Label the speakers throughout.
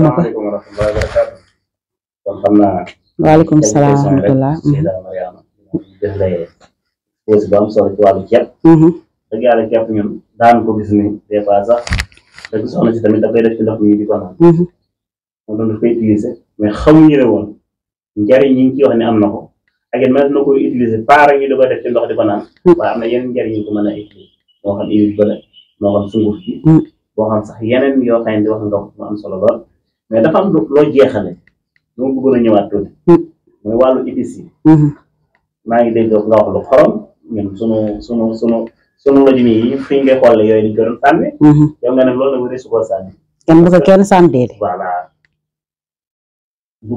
Speaker 1: waaleykum
Speaker 2: salaam wa rahmatulah.
Speaker 1: pause bu am solo ci wàllu ceeb. dëgg yàlla ceeb ñun daan ko gis ni des fois sax dëgg soxna si tamit da koy def ci ndox mi di ko naan. Mhm. moom doon daf koy utiliser mais xamuñu ne woon njariñ yi ñu ciy wax ne am na ko ak it mën na koy utiliser paare ñu da koy def ci ndox di ko naan. Mhm. waaye am na yeneen njariñ yu ko mën a utiliser moo xam huile bële moo xam sunguf bi. boo mhm. xam sax yeneen yoo xam ne di wax ndox mu am solo lool. mais dafa am loo jeexale lu ma bëggoon a ñëwaat tuuti moy hmm. walu épices hmm ma ngi dégg do nga wax lu xorom ñun suñu suñu suñu suñu la lajum yi fi nga xol yoy di gëru tamé hmm yow nga ne loolu la wëree su ko sànni
Speaker 2: kan bu ko kenn sànnee dé voilà bu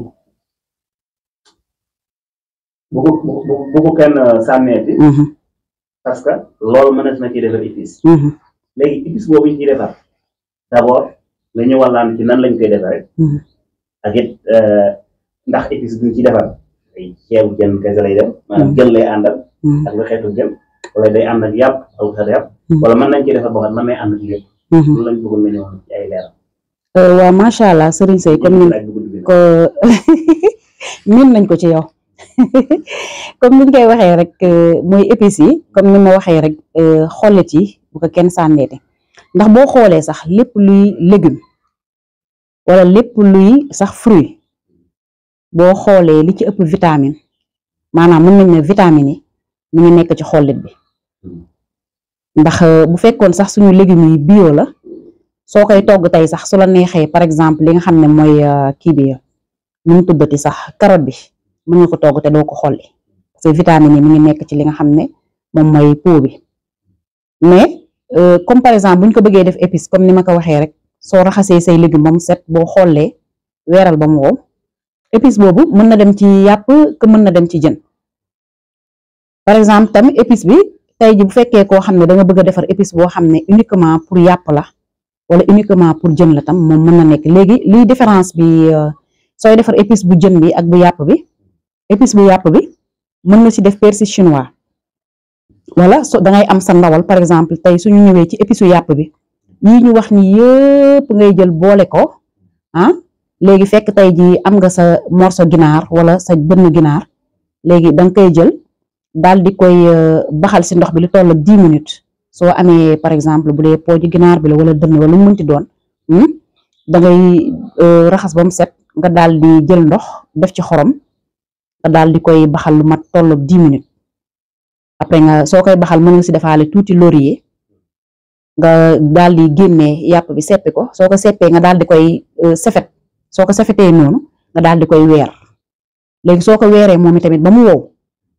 Speaker 1: bu bu bu ko kenn euh, sànnee bi hmm. parce que loolu mënees na ci defar épices hmm. léegi épices boobu ñu ciy defar d'abord nga ñëwalaan ci nan lañ koy defee rek. Mm-hmm. Euh, ndax épices duñ ci defar ay ceebu jën kese lay dem. maanaam mm-hmm. jën lay àndal. Mm-hmm. ak lu xeetu jën wala day nañ ci defar boo xam ne nañ ci ay leeral.
Speaker 2: Euh, waaw macha allah Serigne Seye comme
Speaker 1: ni ko
Speaker 2: miin nañ ko ci yow comme niñ koy waxee rek euh, mooy épices yi comme ni ma waxee rek xollit yi bu ko kenn sànneete ndax boo xoolee sax lépp luy légume wala lépp luy sax fruit boo xoolee li ci ëpp vitamine maanaam mën nañ ne vitamine yi mu ngi nekk ci xollit bi ndax euh, bu fekkoon sax suñu légumes yi bio la soo koy togg tey sax su la neexee par exemple li nga xam ne mooy euh, kii bi nu mu tuddati sax carotte bi mu nga ko togg te doo ko xolli parce que vitamine yi mu ngi nekk ci li nga xam ne moom mooy pot bi mais euh, comme par exemple buñ ko bëggee def épice comme ni ma ko waxee rek. soo raxasee say légumes ba mu set boo xoolee weeral ba mu wow épice boobu mën na dem ci yàpp que mën na dem ci jën par exemple tamit épice bi tey ji bu fekkee koo xam ne da nga bëgg a defar épice boo xam ne uniquement pour yàpp la wala uniquement pour jën la tam moom mën na nekk léegi li différence bi euh, sooy defar épice bu jën bi ak bu yàpp bi épice bu yàpp bi mën na ci def persil chinois wala so dangay am sa ndawal par exemple tey suñu ñëwee ci épice bu yàpp bi yii ñu wax ni yëpp ngay jël boole ko ah léegi fekk tey ji am nga sa morso ginaar wala sa bënn ginaar léegi da nga koy jël daal di koy euh, baxal si ndox bi lu toll ak dix minutes soo amee par exemple bu dee pooju ginaar bi la wala dënn wala lu mu mënti doon hmm, da ngay euh, raxas ba mu set nga daal di jël ndox def ci xorom nga daal di koy baxal lu mat toll ak dix minutes après nga soo koy baxal mën nga si defaale tuuti laurier nga daal di génnee yàpp bi seppi ko soo ko seppee nga daal di koy euh, sefet soo ko sefetee noonu nga daal di koy weer léegi soo ko weeree moom itamit ba mu wow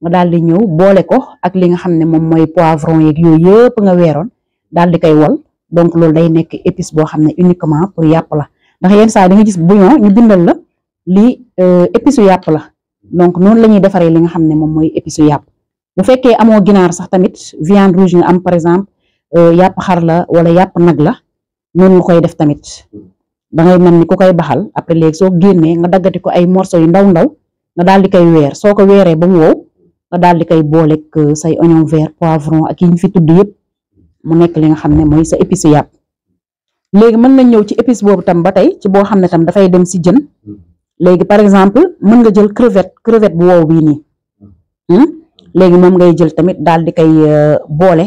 Speaker 2: nga daal di ñëw boole ko ak li nga xam ne moom mooy poivron yeeg yooyu yëpp nga weeroon daal di koy wol donc loolu day nekk épice boo xam ne uniquement pour yàpp la ndax yenn saa da nga gis bouillon ñu bindal la lii euh, épice u yàpp la donc noonu la ñuy defare li nga xam ne moom mooy épice u yàpp bu fekkee amoo sax tamit exemple Euh, yàpp xar la wala yàpp nag la noonu nga koy def tamit dangay ngay ni ku koy baxal après léegi soo génnee nga daggati ko ay morceaux yu ndaw ndaw nga daal di koy weer soo ko weeree ba mu wow nga daal di koy booleeg euh, say oignon vert poivron ak yi ñu fi tudd yëpp mu nekk li nga xam ne mooy sa épice yàpp léegi mën nañ ñëw ci épice boobu tam ba tey ci boo xam ne tamit dafay dem si jën léegi par exemple mën nga jël crevette crevette bu wow bii nii hmm? léegi moom ngay jël tamit daal di koy euh, boole.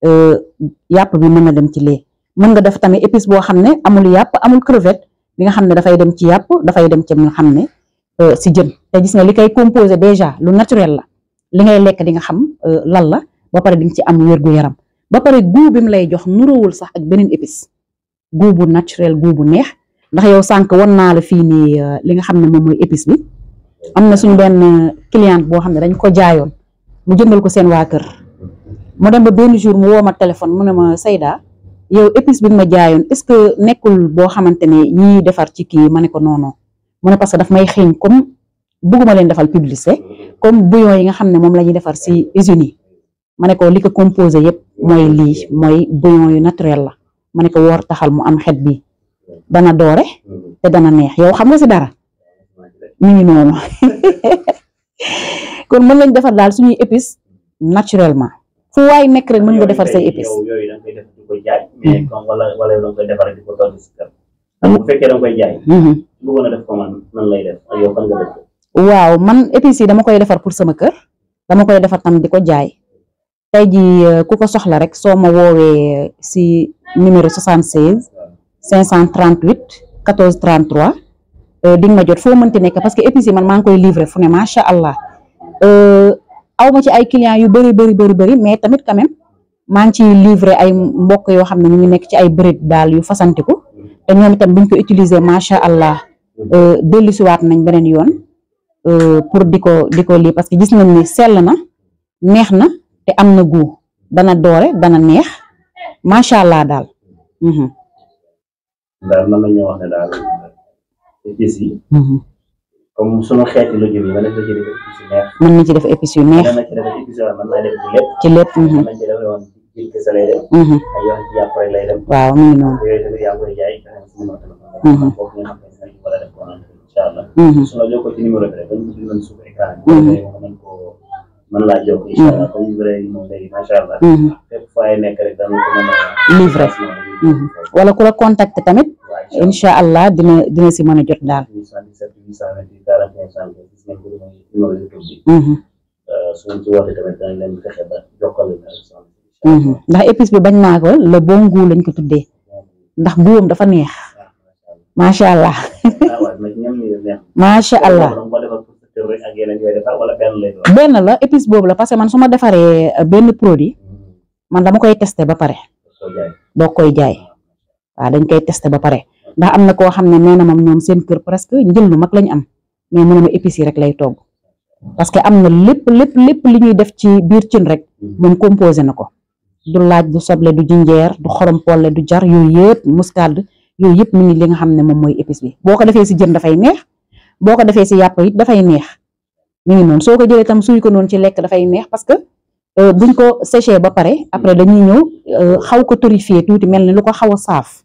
Speaker 2: Euh, yàpp bi mën na dem ci lee mën nga def tamit épice boo xam ne amul yàpp amul crevette bi nga xam ne dafay dem ci yàpp dafay dem ci nga xam ne euh, si jën te gis nga li koy composé déjà lu naturel la li ngay lekk di nga xam euh, lan la ba pare di nga ci am wérgu yaram ba pare goût bi lay jox nuróowul sax ak beneen épice goût bu naturel goût bu neex ndax yow sànq won naa la fii nii li nga xam ne moom mooy épice bi am na suñu benn cliente boo xam ne dañ ko jaayoon mu jëndal ko seen waa kër mu dem ba benn jour mu woo ma téléphone mu ne ma Seyda yow épice bi ma jaayoon est-ce que nekkul boo xamante ne ñiy defar ci kii ma ne ko non non mu ne daf may xeeñ comme bëgguma leen defal publicité comme bouillon yi nga xam ne moom la ñuy defar si usine ma ne ko li ko composé yëpp mooy lii mooy bouillon yu naturel la ma ne ko woor taxal mu am xet bi dana doore te dana neex yow xam nga si dara mu ngi noonu kon mën lañ defar daal suñuy épices naturellement. fu waay nekk rek mën nga defar say épices yooyu waaw man épices yi dama koy defar pour sama kër dama koy defar tam diko jaay tay ji eh, ku ko soxla rek so ma wowe si numéro 76 538 1433 euh ding ma jot fo meunti nek parce que épices yi man mang koy livrer fune ma sha allah euh aw ma ci ay clients yu bëri bëri bëri bëri mais tamit quand même maa ngi ciy livrer ay mbokk yoo xam ne ñu ngi nekk ci ay bërit daal yu fasantiku te ñoom itam buñ ko utiliser macha allah euh, dellusiwaat nañ beneen yoon euh, pour di ko di ko lii parce que gis nañ ne sell na neex na te am na gu dana doore dana neex macha allah daal. Mhm.
Speaker 1: daal mën nañoo wax comme sunu xeeti lu jub yi mën
Speaker 2: nañu ci def épices yu neex. mën nañu ci def
Speaker 1: épices yu neex. mën nañu ci def épices yoo xam ne mën naa ci lépp. Mhm. waaw mu ngi noonu. yooyu tamit yaa mhm. a a. Mhm.
Speaker 2: wala ku la contacter tamit.
Speaker 1: incha allah
Speaker 2: dina dina a jot daal
Speaker 1: gisaanati daara cinq cent bi gis ngeen ko mooy numéro youtube bi suñ ci woote tamit dañ leen fexe ba jokkale na
Speaker 2: ndax épice bi bañ naa ko le bon goût lañ ko nah, allah
Speaker 1: Masya allah benn
Speaker 2: la épice boobu la parce que man su ma defaree benn produit man dama koy testé ba pare doo koy jaay waaw dañ koy ba pare ndax am na ko xam ne nee na moom ñoom seen kër presque njël lu mag lañu am mais mu ma épices yi rek lay togg parce que am na lépp lépp lépp li ñuy def ci biir cin rek mm-hmm. moom composé na ko du laaj du soble du jinjeer du xorom polle du jar yooyu yëpp muscade yooyu yëpp mu ngi li xam ne moom mooy épice bi boo ko defee si jën dafay neex boo ko defee si yàpp it dafay neex mi ngi noonu soo ko jëlee tam suy ko noon ci lekk dafay neex parce que euh, buñ ko séché ba pare après dañuy ñëw euh, xaw ko torréfier tuuti mel ni lu ko xaw a saaf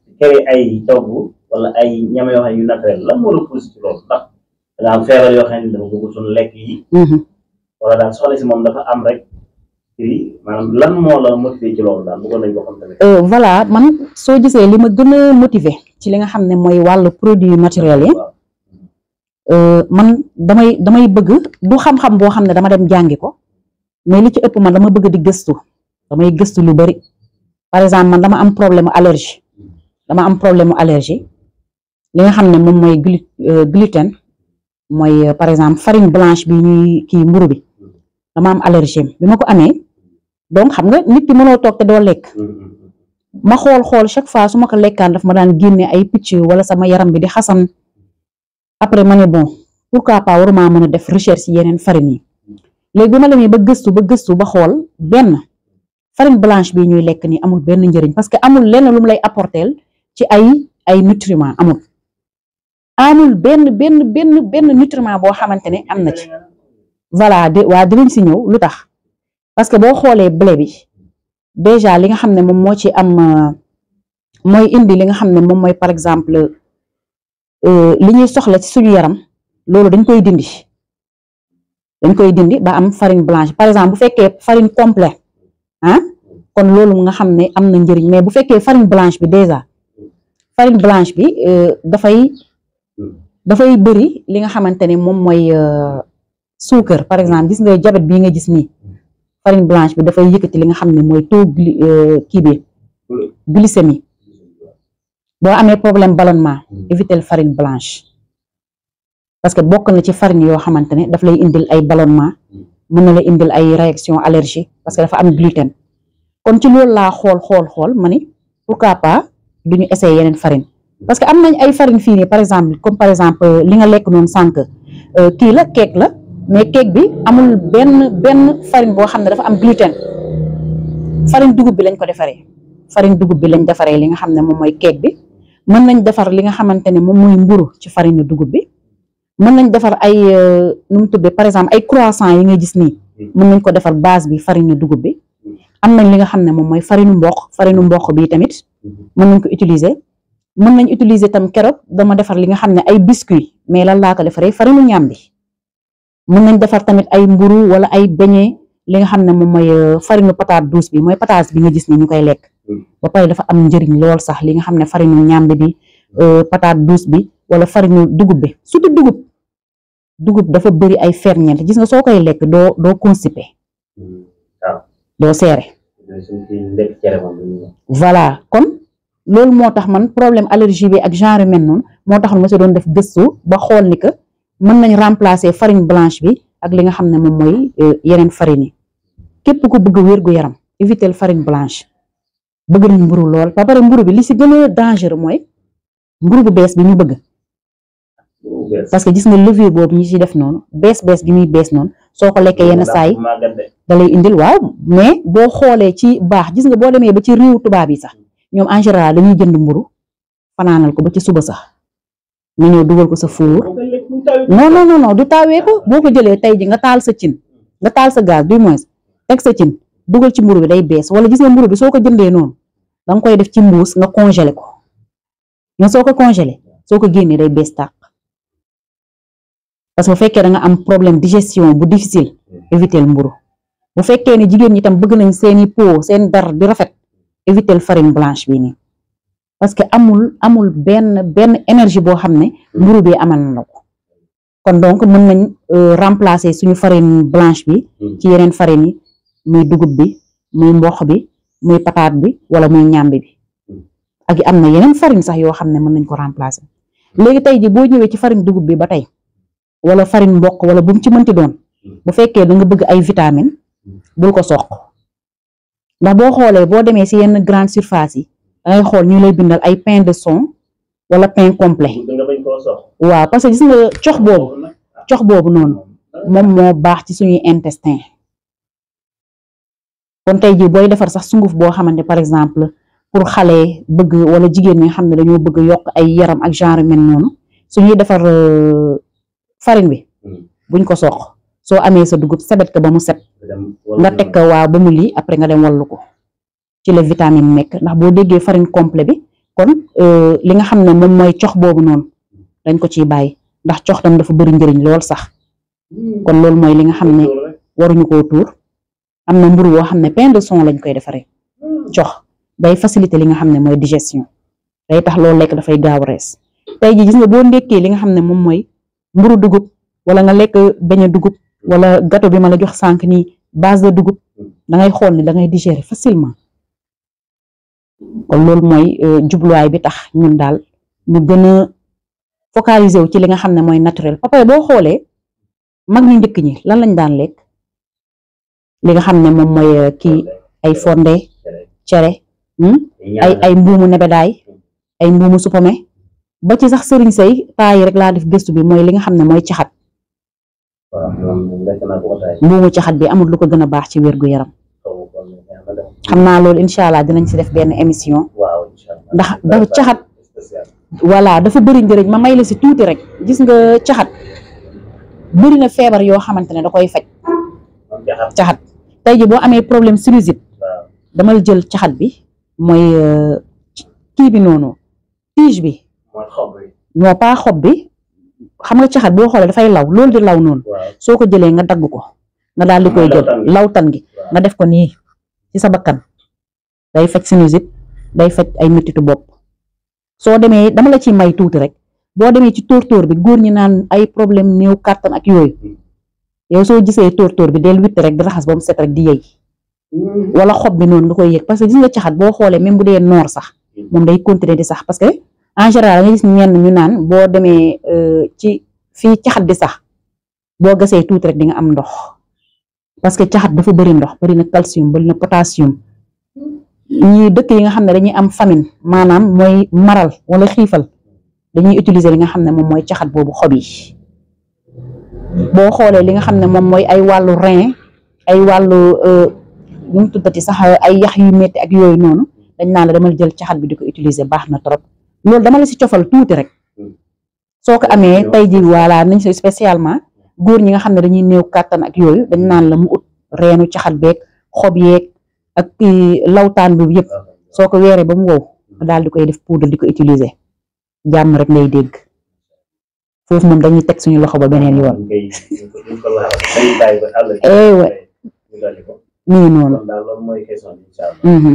Speaker 1: créé ay togg wala ay ñam yoo xam ne yu naturel la moo la ci loolu ndax da am mhm. moom dafa am rek maanaam lan moo la motivé ci loolu daal
Speaker 2: euh, soo gisee li ma gën a motivé ci li nga xam ne mooy wàll produit naturel yi euh, man damay damay bëgg du xam-xam boo xam ne dama dem jàngi ko mais li ci ëpp man dama bëgg di gëstu damay gëstu lu bari par exemple man dama am problème allergie dama am problème allergie li nga xam mom moy euh, gluten moy euh, par exemple farine blanche bi ñuy kii mburu bi dama am allergie bima ko amé donc xam nga nit ki mëno tok té do lek ma xol xol chaque fois suma ko lekkan daf ma daan ay wala sama yaram bi di xasan après mané bon pourquoi pas waruma mën a def recherche yenen farine yi léegi bi ma ba gëstu ba gëstu ba xol ben farine blanche bi ñuy lek ni amul ben ndëriñ parce que amul lén lu mu lay apporter ci ay ay nutriments amul amul benn benn benn benn nutriment boo xamante ne am na ci voilà de waa dinañ si ñëw lu tax parce que boo xoolee blé bi déjà li nga xam ne moom moo ci am euh, mooy indi li nga xam ne moom mooy par exemple euh, li ñuy soxla ci suñu yaram loolu dañ koy dindi dañ koy dindi ba am farine blanche par exemple bu fekkee farine complet ah kon loolu nga xam ne am na njëriñ mais bu fekkee farine blanche bi déjà farine blanche bi euh, da hmm. fay beuri li nga xamantene mom moy mooy euh, par exemple gis nga diabète bi nga gis ni farine blanche bi fay yëkëti li nga xam moy mooy taux euh, ki bi glycémie bo amé problème ballonnement hmm. éviter farine blanche parce que bokk na ci farine yo xamantene da fay indil ay ballonnement hmm. mën na la indil ay réaction allergie parce que fa am gluten kon ci lool la xol xol xol mané pourquoi pas du ñu essayer yeneen farine parce que am nañ ay farine fii par exemple comme par exemple euh, li nga lekk noonu sànq euh, kii la cake la mais cake bi amul benn benn farine boo xam ne dafa am gluten farine dugub bi lañ ko defaree farine dugub bi lañ defaree li nga xam ne moom mooy cake bi mën nañ defar li nga xamante ne moom mooy mburu ci farine dugub bi mën nañ defar ay euh, nu mu tuddee par exemple ay croissant yi nga gis nii mën nañ ko defar base bi farine dugub bi am nañ li nga xam ne moom mooy farine mboq farine mboq bi tamit mën ko utiliser mën utiliser tam keroog dama défar li nga xamné ay biscuit mais la la ko defaree farinu ñaam bi mën nañ defar tamit ay mburu wala ay beñe li nga xamné ne moom mooy euh, patate douce bi moy patate bi nga gis ni ñukay koy ba pare dafa am njëriñ lool sax li nga xamné ne farinu bi euh patate douce bi wala farinu dugub bi su tu dugub dugub dafa bëri ay ferñeent gis nga soo koy lekk do doo constipé doo hmm, serré voilà kon loolu moo tax man problème allergie bi ak genre men noonu moo tax ma si doon def gëstu ba xool ni que mën nañ remplacer farine blanche bi ak li nga xam ne moom mooy euh, yeneen farine yi képp ku bëgg wér gu yaram éviter farine blanche bëgg nañ mburu lool ba pare mburu bi li si gën a dangereux mooy mburu bu bees bi ñu bëgg parce que gis nga levure boobu ñu si def noonu bees bees bi muy bees noonu soo ko lekkee yenn saay da indil waaw mais boo xoolee ci baax gis nga boo demee ba ci réew tubaab yi sax ñom en général dañuy jënd mburu fananal ko ba ci suba sax ñu ñu duggal ko sa four non non non non du tawé ko boko jëlé tay ji nga taal sa cin nga taal sa gaz du moins tek sa cin duggal ci mburu bi day bees wala gis nga mburu bi soko ko non dang koy def ci mbuus nga congeler ko nga soko congeler soko gënné day bees tak parce que bu da nga am problème digestion bu difficile éviter mburu bu fekkee ni jigéen ñi tam bëgg nañ seeni peau seen dar di rafet éviter farine blanche bi, ni parce que amul amul ben ben énergie bo xamné mburu bi amal na ko kon donc mën nañ euh, remplacer suñu farine blanche bi mm. ci yenen farine yi muy dugub bi muy mbokh bi muy patate bi wala muy ñàmbi bi mm. ak am na yeneen farine sax yo xamné mën nañ ko remplacer légui tay ji bo ñëwé ci farine dugub bi ba wala farine mboq wala bu mu ci mënti doon mm. bu fekkee da nga bëgg ay vitamine bul ko ndax boo xoolee boo demee si yenn grande surface yi dangay xool ñu lay bindal ay pain de son wala pain complet waaw parce que gis nga cox boobu cox boobu noonu moom moo baax ci suñuy intestin kon tey jii booy defar sax sunguf boo xamante par exemple pour xale bëgg wala jigéen ñi nga xam ne dañoo bëgg yokk ay yaram ak genre mel noonu suñuy defar euh, farine bi hmm. buñ ko soq soo amee sa dugub sebet ko ba mu set nga teg ko waaw ba mu lii après nga dem wallu ko ci la vitamine nekk ndax boo déggee farine complet bi kon euh, li nga xam ne moom mooy cox boobu noonu dañ ko ci bàyyi ndax cox tam dafa bëri njëriñ lool sax kon loolu mooy li nga xam ne waruñu koo tuur am na mburu woo xam ne pain son lañ koy defaree cox day faciliter li nga xam ne mooy digestion day tax loolu lekk dafay gaaw rees tey ji nga boo ndekkee li nga xam ne moom mooy mburu dugub wala nga lekk beñe dugub wala gâteau bi ma la jox sànq ni base de dugub da ngay xool ne da ngay digérer facilement kon loolu mooy euh, jubluwaay bi tax ñun daal ñu gën a focaliser wu ci li nga xam ne mooy naturel papa boo xoolee mag ñu njëkk ñi lan lañ daan lekk li nga xam ne moom mooy euh, kii ay fonde cere hmm? ay ay mbuumu nebedaay ay mbuumu supame ba ci sax sëriñ say taay rek laa def gëstu bi mooy li nga xam ne mooy caxat mbuumu caxat bi amul lu ko gën a baax ci wér-gu-yaram xam naa loolu incha allah dinañ si def benn émission
Speaker 1: ndax dafa caxat
Speaker 2: voilà dafa bëri njëriñ ma may la si tuuti rek gis nga caxat bëri na feebar yoo xamante ne da koy faj caxat tey ji boo amee problème sinusite dama jël caxat bi mooy euh, kii bi noonu tige bi non pas xob bi xam nga caxat boo xoolee dafay law loolu di law noonu soo ko jëlee nga dagg ko nga daal di koy jël lawtan gi nga def ko nii ci sa bakkan day faj sinusite day faj ay mettitu bopp soo demee dama la ci may tuuti rek boo demee ci tóortóor bi góor ñi naan ay problème néew kàttan ak yooyu hmm. yow soo gisee tóortóor bi del witti rek di raxas ba mu set rek di yey hmm. wala xob bi noonu nga koy yëg parce que gis nga caxat boo xoolee même bu dee noor sax hmm. moom day continuer di sax parce que en général nga gis ñenn ñu naan boo demee euh, ci fii caxat bi sax boo gasee tuuti rek di nga am ndox parce que caxat dafa bëri ndox bari na calcium bëri na potassium ñi dëkk yi nga xam ne dañuy am famine maanaam mooy maral wala xiifal dañuy utiliser li nga xam ne moom mooy caxat boobu xob yi boo xoolee li nga xam ne moom mooy ay wàllu rein ay wàllu euh, nu mu tuddati sax ay yax yu metti ak yooyu noonu dañ naan la demal jël caxat bi di ko utiliser baax na trop lool dama la si cofal tuuti rek hmm. soo ko amee tey ji voilà nañ si spécialement góor ñi nga xam ne dañuy néew kàttan ak yooyu dañ naan la mu ut reenu caxat beeg xob yeeg ak lawtaan bi yëpp soo ko weeree ba mu wow daal di koy def poudre di ko utiliser jàmm rek lay dégg foofu moom dañuy teg suñu loxo ba beneen yoon.
Speaker 1: eh noonu.